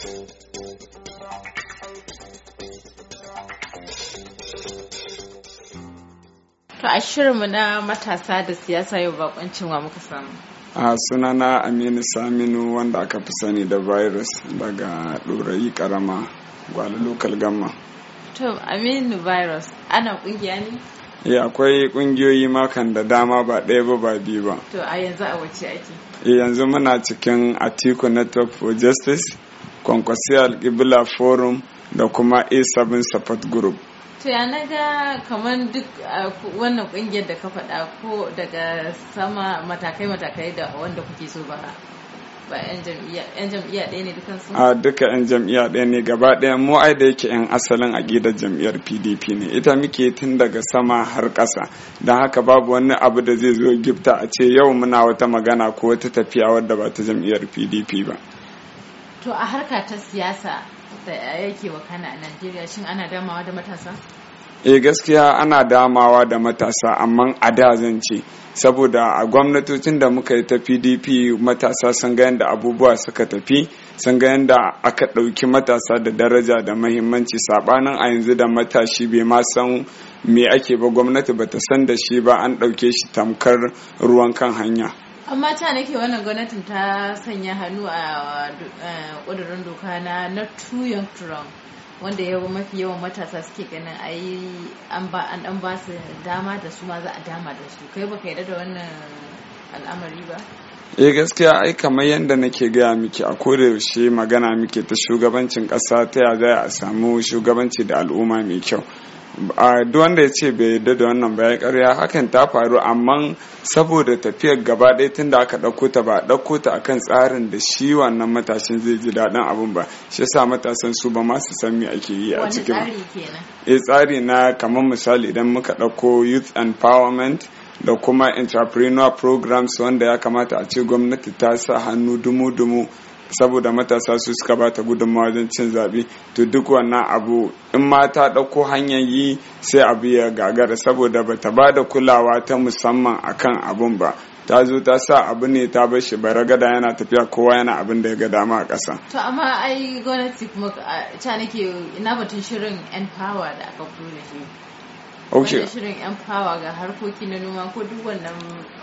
To a shirinmu na matasa da siyasa yau bakoncin wa muka samu. A sunana Aminu Saminu wanda aka fi sani da virus daga ɗorayi ƙarama gwale lokal gamma. To Aminu virus ana ƙungiya ne? Ya eh, akwai ƙungiyoyi makan da dama ba ɗaya ba ba biyu ba. To a yanzu a wace ake? Eh, yanzu muna cikin Atiku Network for Justice. kwankwasi alƙibla forum da kuma a7 support group to ya naga kamar duk wannan kungiyar da ka faɗa ko daga sama matakai-matakai da wanda kuke so ba ba 'yan jam'iyya ɗaya ne a duka 'yan jam'iyya ɗaya ne gaba ɗaya mu ai da yake 'yan asalin a gidan jam'iyyar pdp ne ita muke tun daga sama har ƙasa don haka babu wani abu da zai zo gifta a ce yau muna wata magana ko wata tafiya wadda ba ta jam'iyyar pdp ba to a harka ta siyasa da yake wakana a najeriya shin ana damawa da matasa e gaskiya ana damawa da matasa amma a da zan ce saboda a gwamnatocin da muka yi ta pdp matasa sun ga yadda abubuwa suka tafi sun ga yadda aka ɗauki matasa da daraja da mahimmanci sabanin a yanzu da matashi bai ma san me ake ba gwamnati ba ta san da shi ba an ɗauke shi tamkar ruwan kan hanya amma ta nake wannan gwamnatin ta sanya hannu a ƙudurin doka na na tuyon turon wanda ya mafi yawan matasa suke ganin ai an an dan ba su dama da su ma za a dama da su kai ba ka yarda da wannan al'amari ba eh gaskiya ai kamar yadda nake gaya miki a koda yaushe magana muke ta shugabancin ƙasa ta ya za a samu shugabanci da al'umma mai kyau a duk wanda ya ce bai yarda da wannan bayan karya hakan ta faru amma saboda tafiyar gaba ɗaya tun da aka ɗauko ta ba ɗauko ta a kan tsarin da shi wannan matashin zai ji daɗin abin ba shi yasa matasan su ba masu san me ake yi a cikin eh, tsari na kamar misali idan muka ɗauko youth empowerment da kuma entrepreneur programs wanda ya kamata a ce gwamnati ta sa hannu dumu-dumu saboda matasa su suka ba ta gudunmawa wajen cin zaɓe to duk wannan abu in ma ta ɗauko hanyar yi sai abu ya gagara saboda ba ta ba da kulawa ta musamman akan abun ba ta zo ta sa abu ne ta bar shi gada yana tafiya kowa yana abin da ya ga dama a ƙasa. to amma ai gwamnati kuma ta nake ina batun shirin 'yan power da aka kuma wani shirin yan fawa ga harkoki na noma ko duk wannan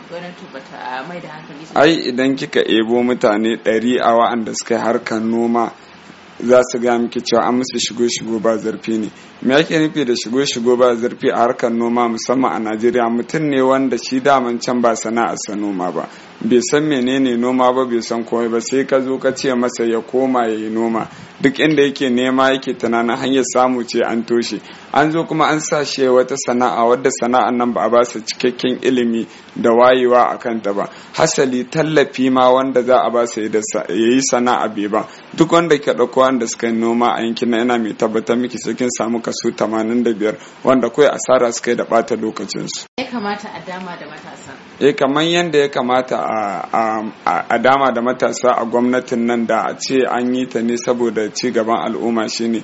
gwamnati ba ta mai da hankali ai idan kika ebo mutane ɗari a wa'anda suka harkar noma za su gaya miki cewa an musu shigo-shigo ba zarfi ne me yake nufi da shigo-shigo ba zarfi a harkar noma musamman a najeriya mutum ne wanda shi daman can ba sana'arsa noma ba bai san menene noma ba bai san komai ba sai ka zo ka ce masa ya koma ya yi noma duk inda yake nema yake tunanin hanyar samu ce an toshe an zo kuma an sa shi wata sana'a wadda sana'an nan ba a basa cikakken ilimi da wayewa a kanta ba hasali tallafi ma wanda za a basa ya yi sana'a bai ba duk wanda ke ɗauko wanda suka yi noma a yankin na yana mai tabbatar miki sai kasu samu kaso 85 wanda kawai asara suka yi da bata lokacinsu. Ya kamata a dama da matasa. Eh, kamar yadda ya kamata a dama da matasa a gwamnatin nan da a ce an yi ta ne saboda ci gaban al'umma shine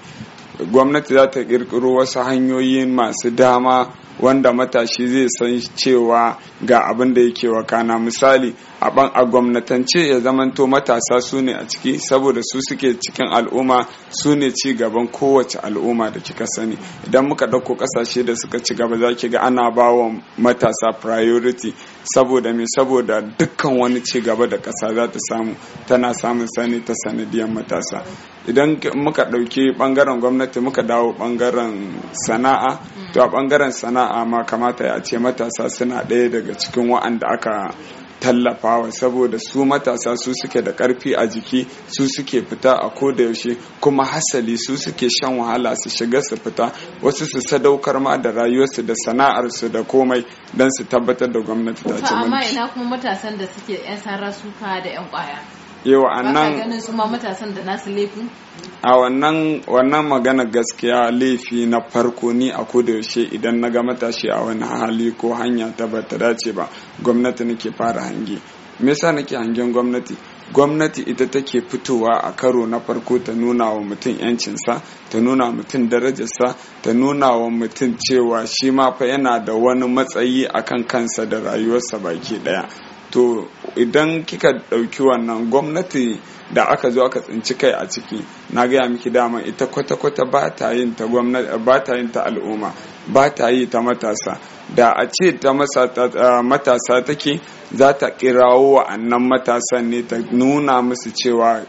gwamnati za ta kirkiro wasu hanyoyi masu dama wanda matashi zai san cewa ga abin da yake wakana misali a gwamnatance ya zamanto matasa su ne a ciki saboda su suke cikin al'umma su ne ci gaban kowace al'umma da kika sani idan muka dauko kasashe da suka ci gaba za ki ga ana ba wa matasa priority saboda me saboda dukkan wani ci gaba da kasa za ta samu tana samun sani ta sanadiyar matasa idan muka ɗauki bangaren gwamnati muka dawo bangaren sana'a to a bangaren sana'a ma kamata ya ce matasa suna ɗaya daga cikin wa'anda aka tallafawa saboda su matasa su suke da karfi a jiki su suke fita a koda yaushe kuma hasali su suke shan wahala su shiga su fita wasu su sadaukar ma da rayuwarsu da sana'arsu da komai don su tabbatar da gwamnati ta ci amma ina kuma matasan da suke yan sara suka da yan kwaya yau a nan a wannan wannan magana gaskiya laifi na farko ni a yaushe idan na ga matashi a wani hali ko hanya ta ba ta dace ba gwamnati nake fara hange me yasa nake hangen gwamnati gwamnati ita take fitowa a karo na farko ta nuna wa mutum yancinsa ta nuna mutum darajarsa ta nuna wa mutum cewa shi ma fa yana da wani matsayi akan kansa da rayuwarsa baki daya to idan kika ɗauki wannan gwamnati da aka zo aka tsinci kai a ciki na gaya miki dama ita kwata-kwata ba ta yin ta al'umma ba ta yi ta matasa da a ce ta matasa take za ta kirawo wa'annan matasan ne ta nuna musu cewa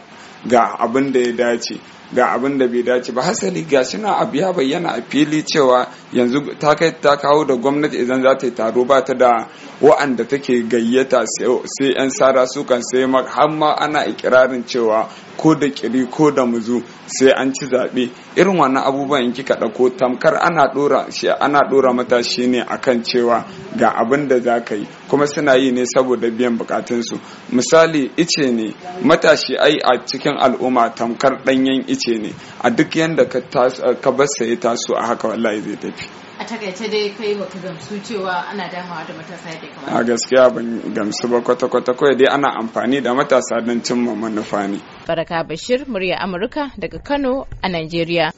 ga abin da ya dace ga abin da bai dace ba hasali ga shi na abu ya bayyana a fili cewa yanzu ta kai ta kawo da gwamnati idan za ta yi taro ba ta da wa'anda take gayyata sai 'yan sara kan sai har ma ana ikirarin cewa ko da kiri ko da muzu sai an ci zaɓe irin wani abubuwan in kika ɗauko tamkar ana ɗora shi ana ɗora mata shi ne akan cewa ga abin da za ka yi kuma suna yi ne saboda biyan bukatunsu misali ice ne matashi ai a cikin al'umma tamkar ɗanyen ice ne a duk yadda ka basa ya taso a haka wallahi zai tafi a takaice dai kai baka gamsu cewa ana damawa da matasa yadda kamar a gaskiya ban gamsu ba kwata-kwata kawai dai ana amfani da matasa don cimma manufa ne baraka bashir murya amurka daga kano a nigeria